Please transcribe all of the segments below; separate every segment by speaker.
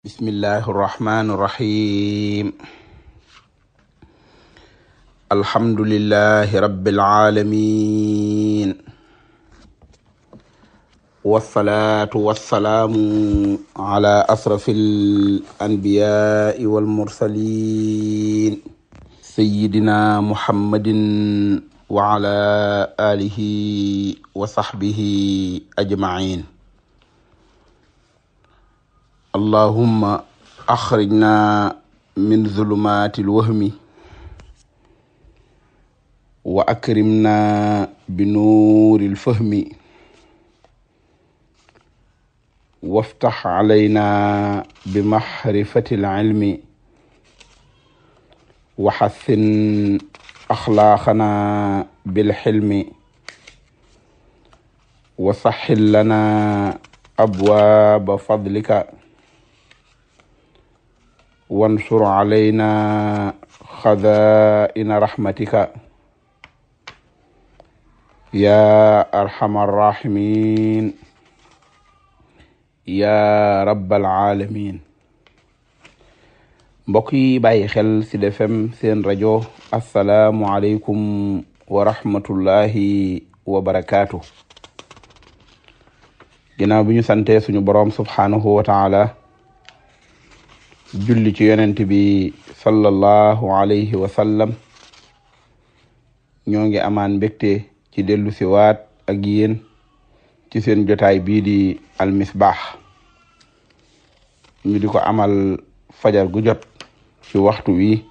Speaker 1: bismillahi irrahmani irrahim alhamdulilahi rabiilalamin walsalaatu walsalaamu ala asrafi alanbiyai walmursalin sayidina muhammadin wa ala alihi wa sahbihi ajmain allahumma axrijna min zulumaati lwahmi wa akrimna bi nuuri lfahmi waftax calayna bi maxrifati lcilmi wa xassin axlaaqana bilxilmi wa saxil lana abwaaba fadlika wansur alayna xazaa'ina rahmatika yaa arhamar raahimiin yaa rabbal aalamiin mbokk yi bàyyi xel ci Sud seen rajo asalaamualeykum wa rahmatullahi wa barakaatu. ginnaaw ñu sante suñu borom subhaanahu wa julli ci yonent bi sallallahu alayhi wa ñoo ngi amaan mbégte ci dellu si waat ak yéen ci seen jotaay bii di almisbaax ñu di ko amal fajar gu jot ci waxtu wi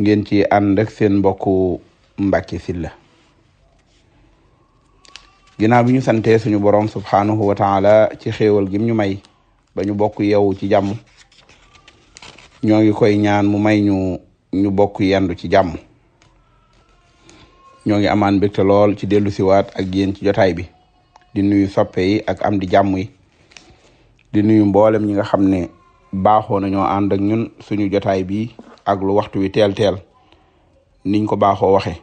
Speaker 1: ngeen ci ànd ak seen mbokku Mbàkke Sylla ginnaaw bi ñu santee suñu borom subhaanahu wa ci xéewal gim ñu may ba ñu bokk yeewu ci jàmm ñoo ngi koy ñaan mu may ñu ñu bokk yendu ci jàmm ñoo ngi amaan mbégte lool ci dellu siwaat ak yéen ci jotaay bi di nuyu soppe ak am di jàmm yi di nuyu mboolem ñi nga xam ne baaxoo na ñoo ànd ak ñun suñu jotaay bi ak lu waxtu wi teel-teel niñ ko baaxoo waxe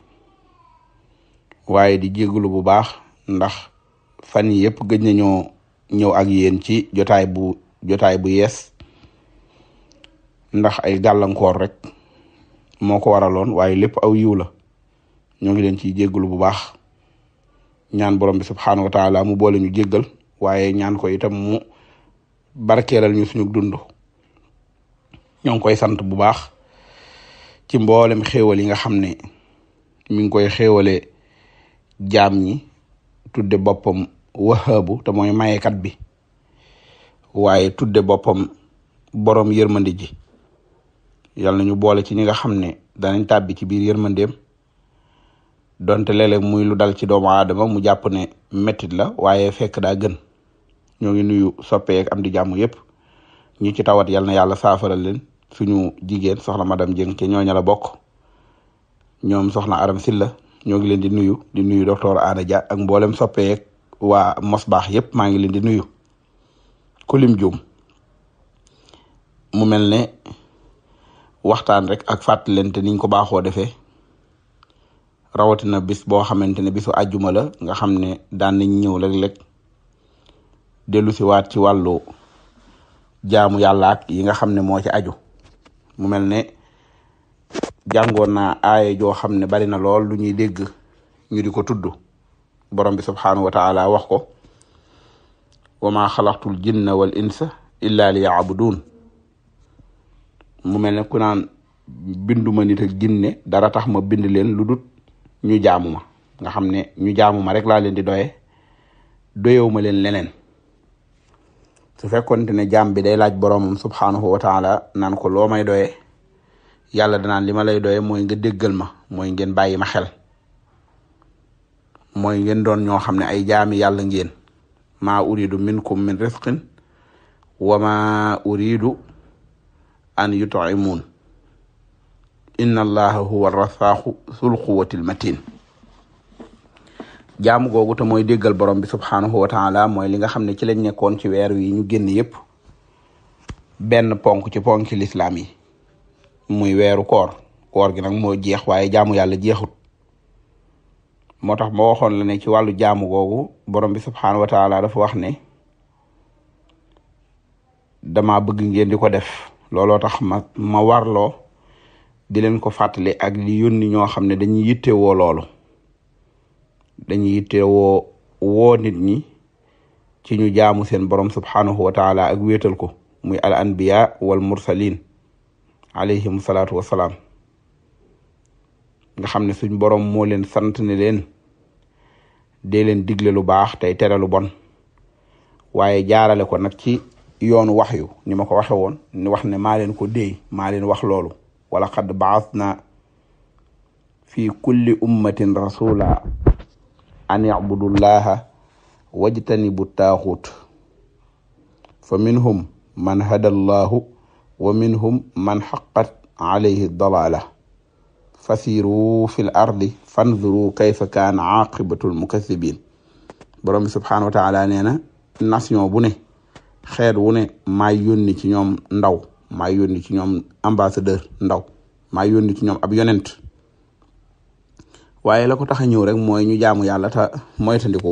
Speaker 1: waaye di jégalu bu baax ndax fan yëpp gëj nañoo ñëw ak yéen ci jotaay bu jotaay bu yees ndax ay gàllankoor rek moo ko waraloon waaye lépp aw yiw la ñoo ngi leen ciy jéggalu bu baax ñaan borom bi subxanahu wa taala mu boole ñu jéggal waaye ñaan ko itam mu barkeelal ñu suñu dund ñoo ngi koy sant bu baax ci mboolem xéewal yi nga xam ne mi ngi koy xéewale jaam ñi tudde boppam wahaabu te mooy mayekat bi waaye tudde boppam borom yërmandi ji yal na ñu boole ci ñi nga xam ne danañ bi ci biir yërmandeem donte léeg-léeg muy lu dal ci doomu aadama mu jàpp ne mettit la waaye fekk daa gën ñoo ngi nuyu soppeek am di jàmm yëpp ñu ci tawat yal na yàlla saafara leen suñu jigéen soxna madame Dieng ci ñooña la bokk ñoom soxna Aram Silla ñoo ngi leen di nuyu di nuyu docteur Ana Dia ak mboolem soppeek waa mos baax yëpp maa ngi leen di nuyu kulim juum mu mel ne waxtaan rek ak fàttalente niñ ko baaxoo defee rawatina bis boo xamante ne bisu àjjuma la nga xam ne daan nañ ñëw léeg-léeg dellu si waat ci wàllu jaamu yàlla yi nga xam ne moo ci aju mu mel ne jàngoon naa aaya joo xam ne bari na lool lu ñuy dégg ñu di ko tudd borom bi subhaanahu wa wax ko wa ma xalaqtul jinna wal insa illa liya'budun mu mel ne ku naan binduma nit ak dara tax ma bind leen lu dut ñu jaamu ma nga xam ne ñu jaamu ma rek laa leen di doye doyewu ma leen leneen su fekkonte ne jaam bi day laaj boroomam subhaanahu wa taala naan ko loo may doye yàlla danaan li ma lay doye mooy nga déggal ma mooy ngeen bàyyi ma xel mooy ngen doon ñoo xam ne ay jaami yàlla ngeen maa uridu minkum min rizqin wa uridu an yut'imuun inna allaha huwa rasaaqu sul quwwatil matin jaamu googu te mooy déggal borom bi subhaanahu wa taala mooy li nga xam ne ci lañ nekkoon ci weer yi ñu génn yépp benn ponk ci ponki lislaam yi muy weeru koor koor gi nag moo jeex waaye jaamu yàlla jeexut moo tax ma waxoon la ne ci wàllu jaamu googu borom bi subhaanahu wa taala wax ne dama bëgg ngeen di ko def looloo tax ma ma di leen ko fàttali ak di yónni ñoo xam ne dañuy yittewoo loolu dañuy yittewoo woo nit ñi ci ñu jaamu seen borom subhanahu wa taala ak wéetal ko muy al anbiya wal mursalin alayhim salaatu wasalaam nga xam ne suñ borom moo leen sant ne leen dee leen digle lu baax tey tere lu bon waaye jaarale ko nag ci yoonu wax yu ni ma ko waxe woon ni wax ne maa leen ko déey maa wax loolu wala xad baatna fi kulli ummatin rasula an yabudullaha wajtanibu taaxut fa minhum man hada allahu wa minhum man xaqat alayhi dalaala fasiiru fi l ardi fanzuru kayfa kaan aqibatu lmukathibin borom bi subhanahu wa taala nee na bu ne xeet wu ne maa yónni ci ñoom ndaw maa yónni ci ñoom ambassadeur ndaw maa yónni ci ñoom ab yonent waaye la ko tax a ñëw rek mooy ñu jaamu yàlla te moytandiku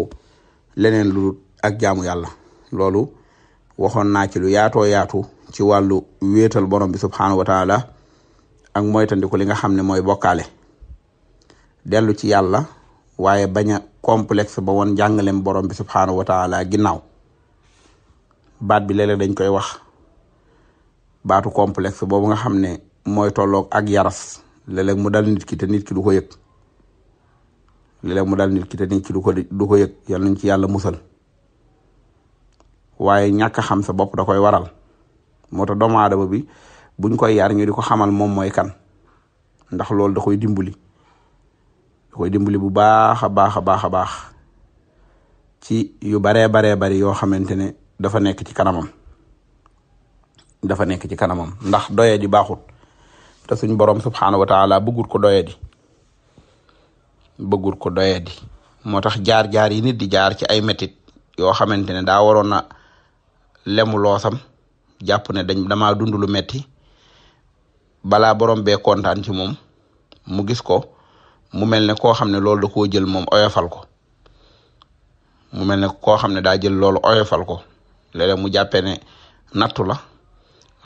Speaker 1: leneen lu ak jamu yàlla loolu waxoon naa ci lu yaatoo yaatu ci wàllu wéetal borom bi subxanahu wa taala ak moytandiku li nga xam ne mooy bokkaale dellu ci yàlla waaye bañ a complexe ba woon jàngaleem borom bi subxanahu wa taala ginnaaw. baat bi léeg-léeg dañ koy wax baatu complexe boobu nga xam ne mooy tolloog ak yaras leleg mu dal nit ki te ki du ko yëg léeg-léeg mu dal nit ki te ko du ko yëg yal nañ ci yàlla musal waaye ñàkk xam sa bopp da koy waral moo tax doomu aadama bi buñ koy yar ñu di ko xamal moom mooy kan ndax loolu da koy dimbali koy dimbali bu baax a baax a baax a baax ci yu baree baree bari yoo xamante ne dafa nekk ci kanamam dafa nekk ci kanamam ndax doye di baaxut te suñ borom subxanahu wa taala bëggul ko doye di bëggul ko doye di moo tax jaar-jaar yi nit di jaar ci ay métit yoo xamante ne daa waroon a lemu loosam jàpp ne dañ damaa dund lu metti balaa borom bee kontaan ci moom mu gis ko mu mel ne koo xam ne loolu da koo jël moom oyofal ko mu mel ne koo xam ne daa jël loolu oyofal ko léeg-léeg mu jàppee ne nattu la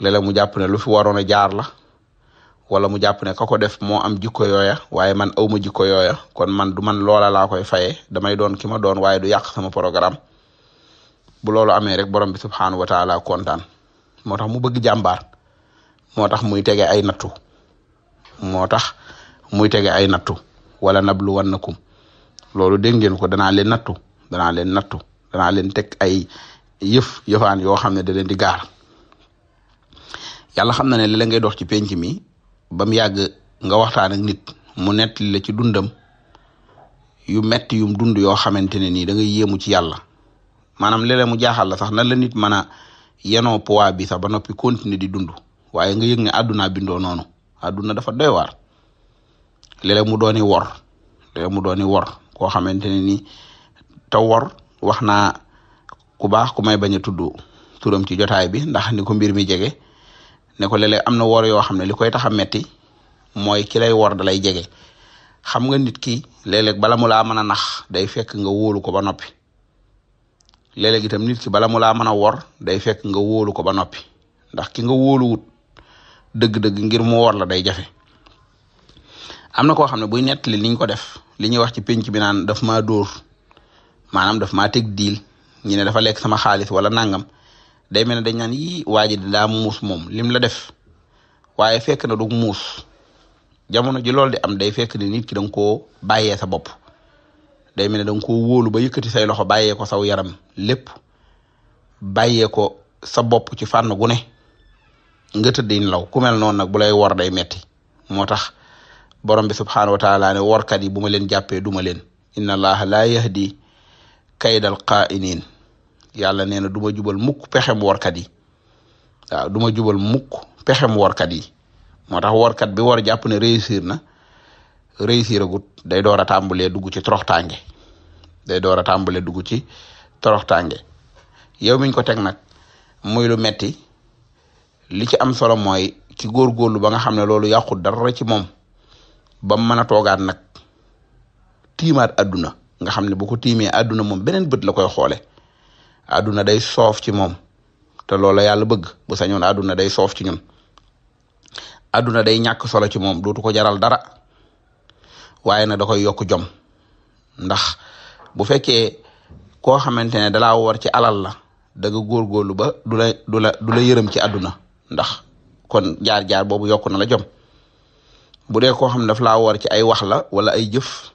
Speaker 1: léeg-léeg mu jàpp ne lu fi waroon jaar la wala mu jàpp ne ka ko def moo am jikko yooya waaye man awma jikko yooya kon man du man loola laa koy faye damay doon ki ma doon waaye du yàq sama programme bu loolu amee rek borom bi subxanahu wa taala kontaan moo tax mu bëgg jàmbaar moo tax muy tege ay nattu moo tax muy tege ay nattu wala nablu wannakum loolu dégg ngeen ko danaa leen nattu danaa leen nattu danaa leen teg ay. yëf yëfaan yoo xam ne da leen di gaar yàlla xam na ne li la ngay dox ci penc mi ba mu yàgg nga waxtaan ak nit mu nettali la ci dundam yu metti yum dund yoo xamante ne nii da ngay yéemu ci yàlla maanaam léeg-léeg mu jaaxal la sax nan la nit mën a yenoo poids bi sax ba noppi continuer di dund waaye nga yëg ne àdduna bindoo noonu àdduna dafa doy waar léeg mu dooni wor léeg-léeg mu dooni wor koo xamante ne nii te wor wax ku baax ku may bañ a tudd turam ci jotaay bi ndax ni ko mbir mi jege ne ko léeg am na wor yoo xam ne li koy tax a metti mooy ki lay wor da lay jege xam nga nit ki léeg bala mu laa mën a nax day fekk nga wóolu ko ba noppi léeg nit ki bala mu laa mën a wor day fekk nga wóolu ko ba noppi ndax ki nga wóoluwut dëgg-dëgg ngir mo wor la day jafe am na koo xam ne buy li niñ ko def li ñuy wax ci penc bi naan daf maa dóor maanaam daf ma teg diil ñi ne dafa lekk sama xaalis wala nangam day mel ne dañ naan yii waa ji muus moom lim la def waaye fekk na dug muus jamono ji loolu di am day fekk ni nit ki da nga koo bàyyee sa bopp day mel ne da nga wóolu ba yëkkati say loxo bàyyee ko saw yaram lépp bàyyee ko sa bopp ci fànn gu ne nga din law ku mel noonu nag bu lay wor day metti moo tax borom bi subxanahu wa taala ne workat yi bu ma leen jàppee duma leen inna allaha laa yahdi kaydal qaa'iniin yàlla nee na du jubal mukk pexem workat yi waaw du ma jubal mukk pexem workat yi moo tax workat bi war a jàpp ne réussir na réussir day door a tàmbalee dugg ci toroxtaange day door a tàmbalee dugg ci toroxtaange yow miñ ko teg nag muy lu metti li ci am solo mooy ci lu ba nga xam ne loolu yàqu dara ci moom ba mu mën a toogaat nag tiimaat àdduna nga xam ne bu ko tiimee àdduna moom beneen bët la koy xoole àdduna day soof ci moom te loola yàlla bëgg bu sañoon àdduna day soof ci ñun àdduna day ñàkk solo ci moom dootu ko jaral dara waaye nag da koy yokk jom ndax bu fekkee koo xamante ne dalaa war ci alal la da nga góorgóorlu ba du la du la du la yërëm ci àdduna ndax kon jaar-jaar boobu yokk na la jom bu dee ko xam ne daf laa war ci ay wax la wala ay jëf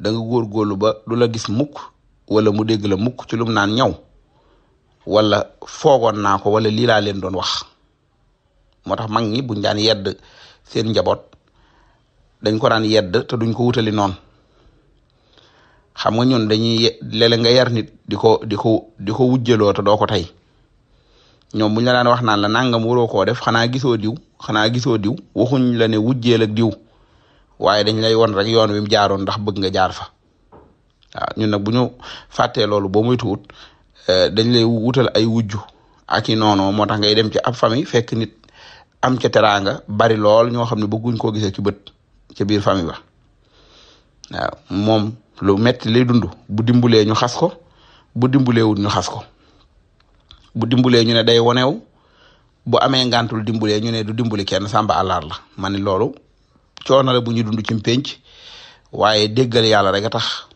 Speaker 1: da nga góorgóorlu ba du la gis mukk wala mu dégg la mukk ci lum naan ñaw wala foogoon naa ko wala lii laa leen doon wax moo tax mag ñi buñ daan yedd seen njaboot dañ ko daan yedd te duñ ko wutali noon xam nga ñun dañuy léeg-léeg nga yar nit di ko di ko di ko wujjaloo doo ko tey ñoom buñ la daan wax naan la nangam koo def xanaa gisoo diw xanaa gisoo diw waxuñ la ne wujjeel ak diw waaye dañ lay won rek yoon wi mu jaaroon ndax bëgg nga jaar fa waaw ñun nag bu ñu fàttee loolu boo muy tuut Euh, dañ lay wutal ay wujju ak i noonu moo tax ngay dem ci ab famille fekk nit am ca teraanga bari lool ñoo xam ne bëgguñ koo gisee ci bët ca biir famille ba waaw moom lu metti lay dund bu dimbulee ñu xas ko bu dimbulee wut ñu xas ko bu dimbulee ñu ne day wonew bu amee ngantul dimbulee ñu ne du dimbuli kenn sàmba àllaar la ma ne loolu coono bu ñu dund ci pénc waaye déggal yàlla rek a tax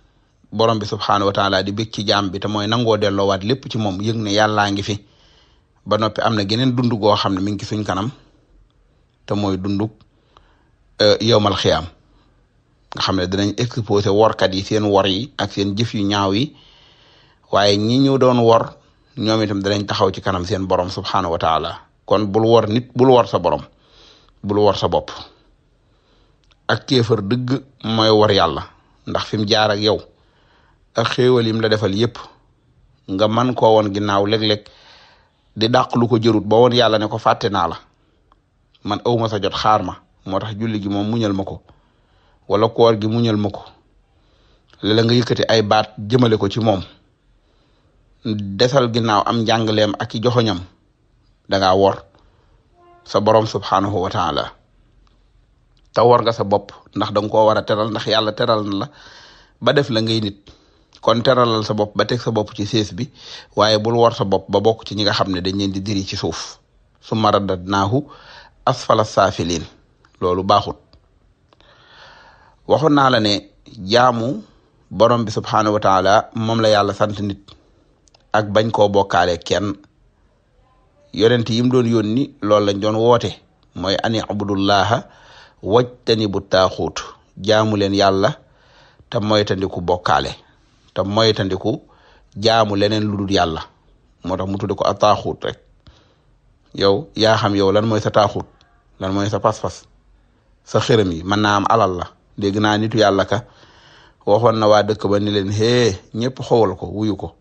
Speaker 1: borom bi subxanahu wa taala di bëgg ci jaam bi te mooy nangoo delloowaat lépp ci moom yëg ne yàllaa ngi fi ba noppi am na geneen dund goo xam ne mi ngi suñ kanam te mooy dundug euh, yowmal xiyaam nga xam ne dinañ exposé workat yi seen wor yi ak seen jëf yu ñaaw yi waaye ñi ñu doon wor ñoom itam danañ taxaw ci kanam seen borom subxanahu wa taala kon bul wor nit bul wor sa borom bul wor sa bopp ak kéefar dëgg mooy wor yàlla ndax fi mu jaar yow. ak xéewal yim la defal yépp nga man ko woon ginnaaw léeg-léeg di dàq lu ko jërut ba woon yàlla ne ko fàtte naa la man awma sa jot xaar ma moo tax julli gi moom muñal ma ko wala koor gi muñal ma ko la nga yëkkati ay baat jëmale ko ci moom desal ginnaaw am njàngaleem ak ki joxoñam dangaa wor sa borom subhanahu wa taala te wor nga sa bopp ndax danga ko war a teral ndax yàlla teral na la ba def la ngay nit kon teralal sa bopp ba teg sa bopp ci sées bi waaye bul war sa bopp ba bokk ci ñi nga xam ne dañ leen di diri ci suuf su ma radadnaahu asfala saafiliin loolu baaxut waxoon naa la ne jaamu borom bi subhaanahu wa taala moom la yàlla sant nit ak bañ koo bokkaale kenn yonent yi mu doon yónni loolu lañ doon woote mooy ani abudullaha wajtani bu taaxuut jaamu leen yàlla te moytandiku bokkaale te moytandiku jaamu leneen lu dul yàlla moo tax mu tudde ko a taaxut rek yow yaa xam yow lan mooy sa taaxut lan mooy sa pas-pas sa xërëm yi mën naa am alal la dégg naa nitu yàlla ka waxoon na waa dëkk ba ni leen hee ñëpp xowal ko wuyu ko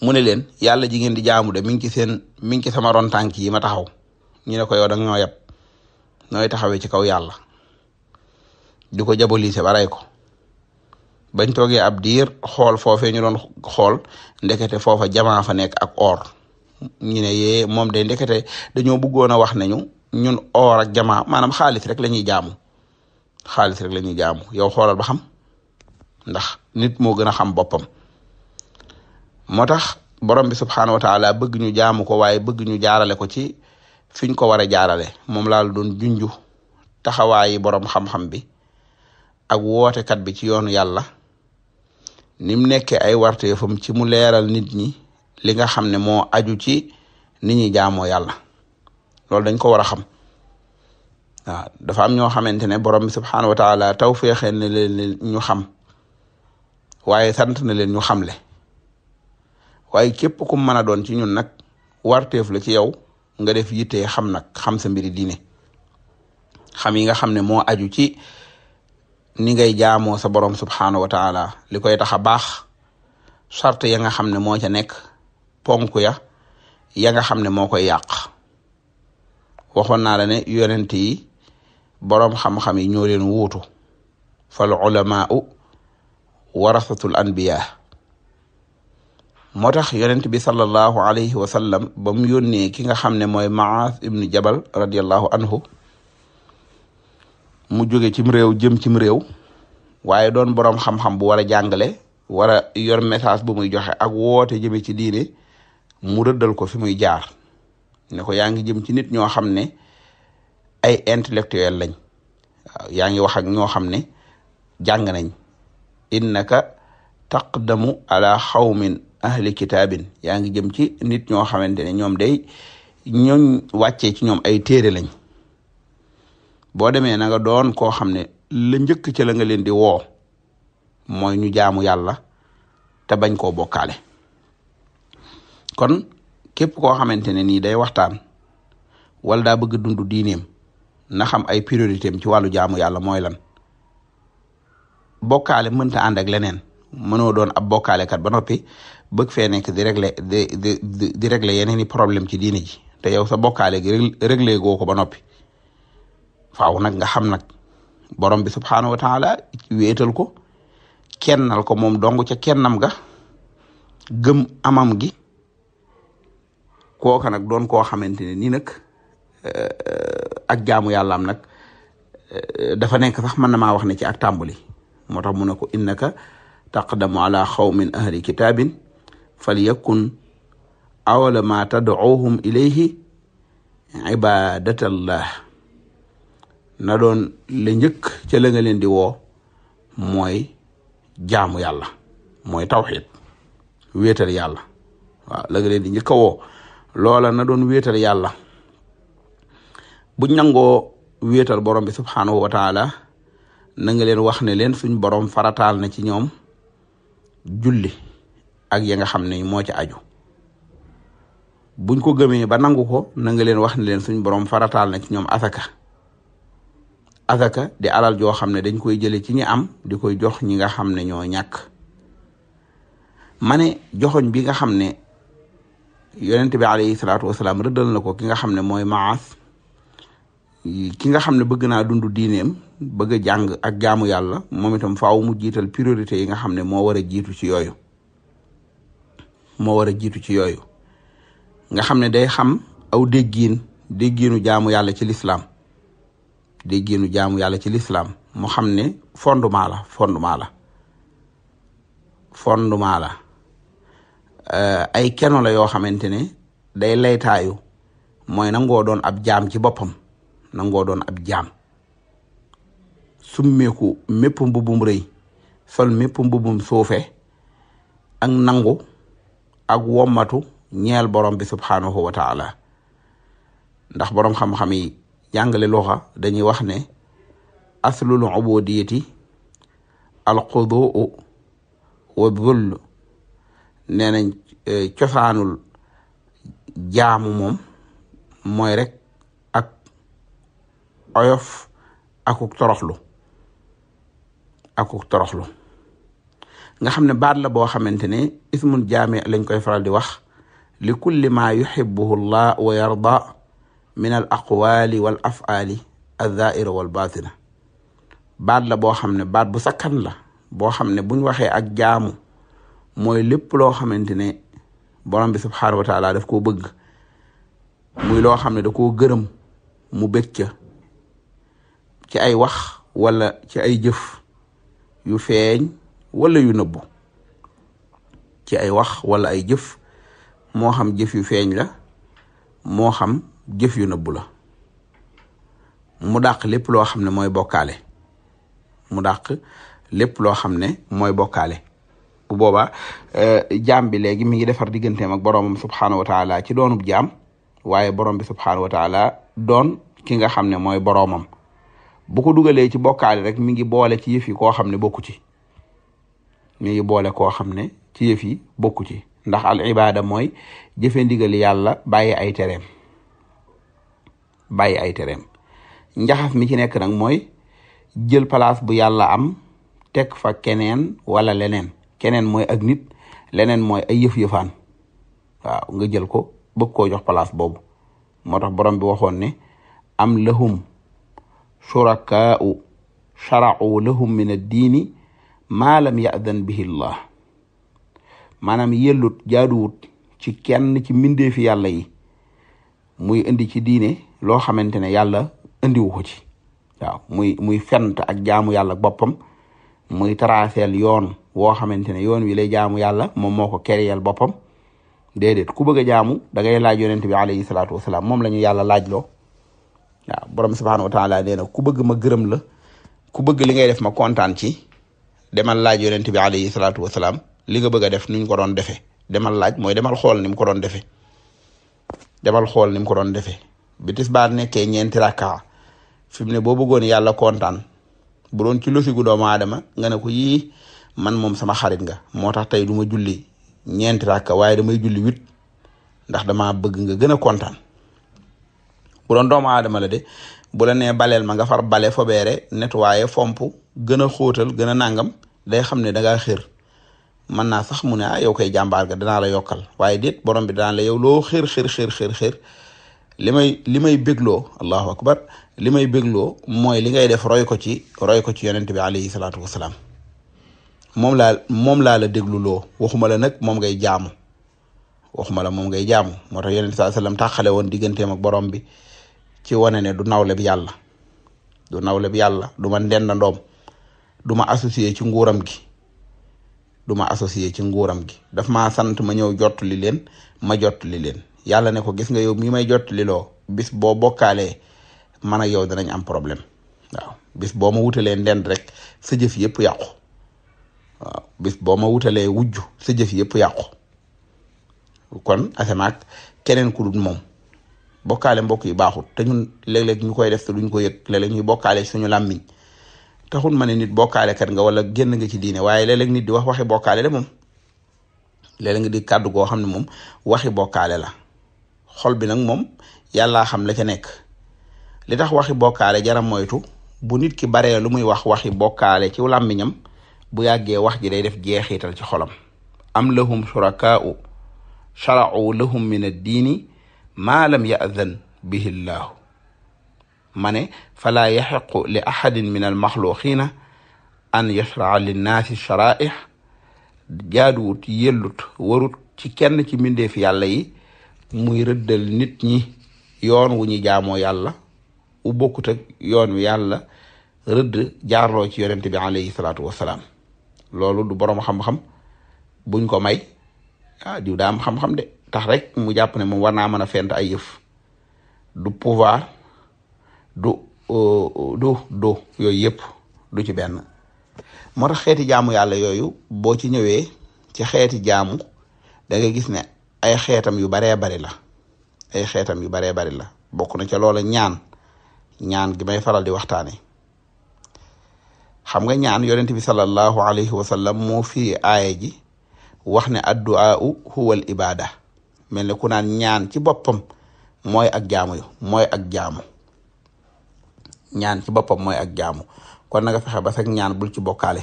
Speaker 1: mu ne leen yàlla ji ngeen di jaamu de mi ngi ci seen mi ngi ci sama ron tànk yi ma taxaw ñu ne ko yow da nga ñoo yab nooy taxawee ci kaw yàlla di ko jabolise ba ko bañ toogee ab diir xool foofee ñu doon xool ndekete foofa jamaa fa nekk ak or ñu ne yee moom day ndekete dañoo bëggoon a wax nañu ñun or ak jamaa maanaam xaalis rek la ñuy jaamu xaalis rek la ñuy yow xoolal ba xam ndax nit moo gën a xam boppam moo tax borom bi subxanahu wa taala bëgg ñu jaamu ko waaye bëgg ñu jaarale ko ci fiñ ko war a jaarale moom laal la doon junju taxawaayi borom xam-xam bi ak wootekat bi ci yoonu yàlla. nim nekke ay warteefam ci mu leeral nit ñi li nga xam ne moo aju ci ni ñuy jaamoo yàlla loolu dañ ko war a xam waaw dafa am ñoo xamante ne borom bi subxanahu wa taala tawféexee na leen ñu xam waaye sant na leen ñu xamle waaye képp ku mën a doon ci ñun nag warteef la ci yow nga def yite xam nag xam sa mbiri diine xam yi xam ne moo aju ci. ni ngay jaamoo sa borom subxanahu wa taala li koy tax a baax sart ya nga xam ne moo ca nekk ponk ya ya nga xam ne moo koy yàq waxoon naa la ne yonent yi boroom xam-xam yi ñoo leen wuutu fal ulamaau warasatul anbiyaa moo tax yonent bi sallallahu alayhi wa sallam ba mu yónnee ki nga xam ne mooy Maas ibnu Jabal radiyallahu anhu mu jóge cim réew jëm cim réew waaye doon borom xam-xam bu war a jàngale war yor message bo muy joxe ak woote jëme ci diine mu rëddal ko fi muy jaar ne ko yaa ngi jëm ci nit ñoo xam ne ay intellectuel lañ waaw yaa ngi wax ak ñoo xam ne jàng nañ innaka taqdamu ala xawmin ahli kitaabin yaa ngi jëm ci nit ñoo xamante ne ñoom day ñooñ wàccee ci ñoom ay téere lañ boo demee na doon koo xam ne la njëkk ca la nga leen di woo mooy ñu jaamu yàlla te bañ koo bokkaale kon képp koo xamante ne nii day waxtaan wala daa bëgg dund diineem na xam ay priorité am ci wàllu jaamu yàlla mooy lan bokkaale mënta ànd ak leneen mënoo doon ab bokkaalekat ba noppi bëgg fee nekk di régler di di yeneen i problème ci diine ji te yow sa bokkaale gi réglé goo ko ba noppi faaw nag nga xam nag borom bi subxanahu wa taala wéetal ko kennal ko moom dong ca kennam ga gëm amam gi kooka nag doon koo xamante ne nii nag eh, ak jaamu yàllaam nag eh, dafa nekk sax mën na ma wax ne ci ak tàmbali moo tax mu ne ko innaka taqdamu xaw xawmin ahli kitaabin falyakun awala ma tad'uuhum ilayhi ibadatallah na doon la njëkk ce la nga leen di woo mooy jaamu yàlla mooy tawxiid wéetal yàlla waaw la nga di njëkk a loola na doon weetal yàlla bu ñangoo wéetal borom bi subxanahu wa taala na leen wax ne leen suñ borom farataal na ci ñoom julli ak ya nga xam ne moo ci aju buñ ko gëmee ba nangu ko na leen wax ne leen suñ borom farataal na ci ñoom asaka. azaka di alal joo xam ne dañ koy jële ci ñi am di koy jox ñi nga xam ne ñoo ñàkk ma ne joxoñ bi nga xam ne yonent bi alayhi salaatu wasalaam rëddal na ko ki nga xam ne mooy maas ki nga xam ne bëgg naa dund diineem bëgg a jàng ak jaamu yàlla moom itam faaw mu jiital priorité yi nga xam ne moo war a jiitu ci yooyu moo war a jiitu ci yooyu nga xam ne day xam aw déggiin déggiinu jaamu yàlla ci lislaam day génnu jaamu yàlla ci lislaam mu xam ne fondement la fondement la fondement la euh, ay keno la yoo xamante ne day laytaayu moy nangoo doon ab jam ci boppam nangoo doon ab jaam summeeku mépp mbubum rëy sol mépp mbubum suufe ak nangu ak wommatu ñeel borom bi subhaanahu wa ndax borom xam-xam jàngale luxa dañuy wax ne aslul ubudiyati alxuduu wa dhull nee nañ e, cosaanul jaamu moom mooy rekk ak oyof akuk toroxlu akuk toroxlu nga xam ne baat la boo xamante ne ismul jaami lañ koy faral di wax li kulli ma yuhibbuhu llah wa yarda min al aqwaali wal afaali al zaahira wal baatina baat la boo xam ne baat bu sakkan la boo xam ne buñ waxee ak jaamu mooy lépp loo xamante ne borom bi subhaanahu wa taala daf koo bëgg muy loo xam ne da koo gërëm mu bëgg ca ci ay wax wala ci ay jëf yu feeñ wala yu nëbbu ci ay wax wala ay jëf moo xam jëf yu feeñ la moo xam jëf yu nëbbu bula mu dàq lépp loo xam ne mooy bokkaale mu dàq lépp loo xam ne mooy bokkaale bu boobaa eh, jaam bi léegi mi ngi defar digganteem ak boromam subxanahu wa taala ci doonub jaam waaye borom bi subxanahu wa taala doon ki nga xam ne mooy boromam bu ko dugalee ci bokkaale rek mi ngi boole ci yëf yi koo xam ne bokku ci mi ngi boole koo xam ne ci yëf yi bokku ci ndax al ibaada mooy jëfe ndigal yàlla bàyyi ay tereem bàyyi ay tereem njaxaf mi ci nekk nag mooy jël place bu yàlla am teg fa keneen wala leneen keneen mooy ak nit leneen mooy ay yëf-yëfaan waaw nga jël ko bëgg koo jox place boobu moo tax borom bi waxoon ne am lahum shurakaa'u shara'u lahum min ad-diini maa lam ya'dan bihi maanaam yellut jaaduwut ci kenn ci mbindeefi yàlla yi muy indi ci diine loo xamante ne yàlla indiwu ko ci waaw muy muy fent ak jaamu yàlla boppam muy traceel yoon woo xamante ne yoon wi lay jaamu yàlla moom moo ko kereyal boppam déedéet ku bëgg a jaamu da ngay laaj yonent bi alayhi salaatu wasalaam moom la ñu yàlla laaj loo waaw borom subhaanahu wa taala nee na ku bëgg ma gërëm la ku bëgg li ngay def ma kontaan ci demal laaj yonent bi alayhi salaatu wasalaam li nga bëgg a def nuñ ko doon defee demal laaj mooy demal xool ni mu ko doon defee demal xool ni mu ko doon defee bi tisbaar nekkee ñeenti rakka fi mu ne boo bëggoon yàlla kontaan bu doon ci logique gu doomu aadama nga ne ko yii man moom sama xarit nga moo tax tey du ma julli ñeenti rakka waaye damay julli huit ndax dama bëgg nga gën a kontaan bu doon doomu aadama la de bu la nee baleel ma nga far bale fobeere nettoyé fomp gën a xóotal gën a nàngam day xam ne da ngaa xër mën naa sax mu ne ah yow jàmbaar ga danaa la yokkal waaye déet borom bi danaa la yow loo xër xër xër xër xër li may li may bégloo allahu akbar li may bégloo mooy li ngay def roy ko ci roy ko ci yonent bi alayhi salaatu wasalaam moom laa moom laa la déglu waxuma la nag moom ngay jaamu waxuma la moom ngay jaamu moo tax yonent saa sallam tàqale woon digganteem ma borom bi ci wane ne du nawle bi yàlla du nawle bi yàlla du ma ndendandoom du ma associé ci nguuram gi du ma associé ci nguuram gi daf maa sant ma ñëw jot li leen ma jot li leen yàlla ne ko gis nga yow mii may jot li loo bis boo bokkaalee man ak yow danañ am problème waaw bis boo ma wutalee ndend rek sa jëf yëpp yàqu waaw bis boo ma wutalee wujj sa jëf yëpp yàqu kon asemaak keneen ku dul moom bokkaale mbokk yi baaxut te ñun léeg-léeg ñu koy def te duñ ko yëg léeg-léeg ñuy bokkaale suñu làmmiñ taxul ma ne nit bokkaale kat nga wala génn nga ci diine waaye léeg-léeg nit di wax waxi bokkaale la moom léeg-léeg di kàddu goo xam ne moom waxi bokkaale la xol bi nag moom yàllaa xam la ca nekk li tax waxi bokkaale jaram moytu bu nit ki baree lu muy wax waxi bokkaale ci làmmiñam bu yàggee wax ji day def jeexital ci xolam am lahum shurakaa'u shara'u lahum min ad-diini maa lam ya'zan ma ne falaa yaxiqu li ahadin min al maxluqina an yashraa linnaasi sharaih yellut warut ci kenn ci mbindeef yàlla yi muy rëddal nit ñi yoon wu ñu jaamoo yàlla u bokkut ak yoon wi yàlla rëdd jaarloo ci yonent alayhi salaatu wasalaam loolu du boroom xam-xam buñ ko may ah diw am xam-xam de tax rek mu jàpp ne moom war naa mën a fent ay yëf du pouvoir du du du yooyu yëpp du ci benn moo tax xeeti jaamu yàlla yooyu boo ci ñëwee ci xeeti jaamu da gis ne ay xeetam yu baree bari la ay xeetam yu bare bari la bokk na ca loola ñaan ñaan gi may faral di waxtaane xam nga ñaan yonent bi sallallahu alayhi wa sallam moo fi aaya ji wax ne addu'a huwal ibada mel ne ku naan ñaan ci boppam mooy ak jaamu yu mooy ak jaamu ñaan ci boppam mooy ak jaamu kon na nga fexe ba sax ñaan bul ci bokkaale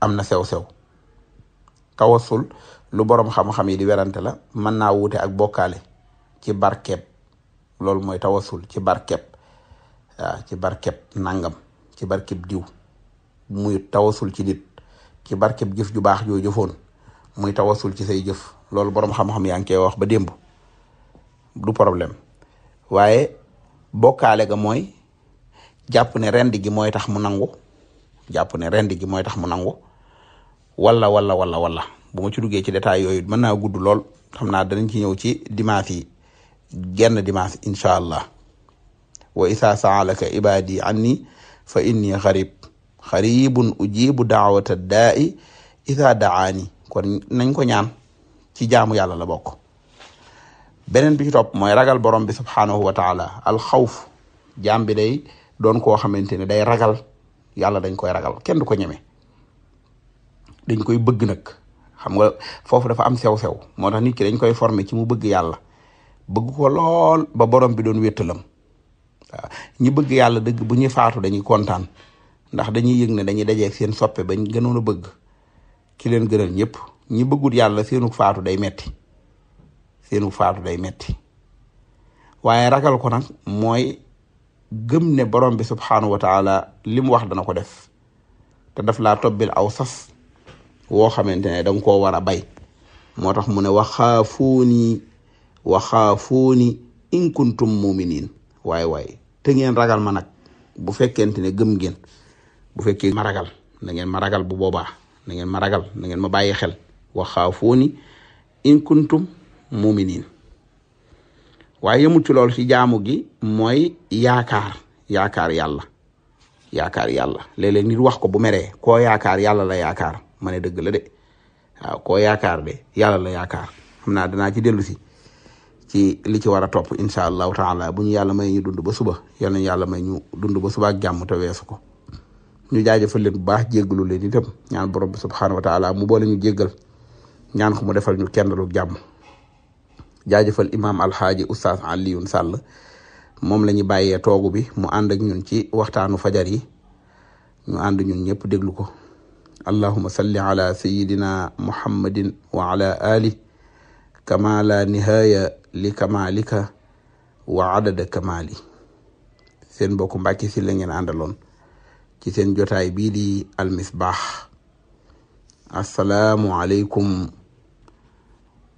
Speaker 1: am na sew-sew tawasul lu borom xam-xam yi di werante la mën naa wuute ak bokkaale ci barkeeb loolu mooy tawasul ci barkeeb waaw ci barkeeb nangam ci barkeeb diw muy tawasul ci nit ci barkeeb jëf ju baax joo jëfoon muy tawasul ci say jëf loolu borom xam-xam yaa ngi koy wax ba démb du problème waaye bokkaale ga mooy jàpp ne rend gi mooy tax mu nangu jàpp ne rend mooy tax mu nangu wala wala wala wala bu ma ci duggee ci détail yooyu mën naa gudd lool xam naa danañ ci ñëw ci dimanche yi genn dimanche incha allah wa isa saalaka ibadi anni fa inni xarib xaribun ujibu daawata daa'i isa daani kon nañ ko ñaan ci jaamu yàlla la bokk beneen bi ci topp mooy ragal borom bi subhaanahu wa taala al xawf jaam bi day doon koo xamante ne day ragal yàlla dañ koy ragal kenn du ko ñeme dañ koy bëgg nag xam nga foofu dafa am sew-sew moo tax nit ki dañ koy former ci mu bëgg yàlla bëgg ko lool ba borom bi doon wéttalam waaw ñi bëgg yàlla dëgg bu ñuy faatu dañuy kontaan ndax dañuy yëg ne dañuy dajeeg seen soppe bañ gënoon a bëgg ki leen gënal ñëpp ñi bëggut yàlla seenu faatu day metti seenu faatu day metti waaye ragal ko nag mooy gëm ne borom bi subxanahu wa taala li mu wax dana ko def te daf laa tobbil aw sas woo xamante ne danga koo war a bay moo tax mu ne waxaafuuni waxaafuuni in kuntum muminin waay waay te ngeen ragal ma nag bu fekkente ne gëm ngeen bu fekkee ma ragal na ngeen ma ragal bu boobaa na ngeen ma ragal na ngeen ma bàyyi xel waxaafuuni in kuntum muminin waaye yëmut ci loolu ci jaamu gi mooy yaakaar yaakaar yàlla yaakaar yàlla léeg-léeg wax ko bu meree ko yaakaar yàlla la yaakaar ma ne dëgg la de waaw koo yaakaar de yàlla la yaakaar xam naa danaa ci dellu si ci li ci war a topp incha allahu taala bu ñu yàlla may ñu dund ba suba yal nañu yàlla may ñu dund ba suba ak te weesu ko ñu jaajëfal leen bu baax jéggalu leen itam ñaan borom bi subxanahu wa taala mu boole ñu jéggal ñaan ko mu defal ñu kenn lu jàmm. jaajëfal imaam alxaaji oustaz Alioune Sall moom la ñu toogu bi mu ànd ak ñun ci waxtaanu fajar yi ñu ànd ñun ñëpp déglu ko allahuma salli ala sayidina muhammadin wa ala ali kama la li kamalika wa adada kamali seen mbokku Mbàkke si la ngeen àndaloon ci seen jotaay bii di almisbaax asalaamu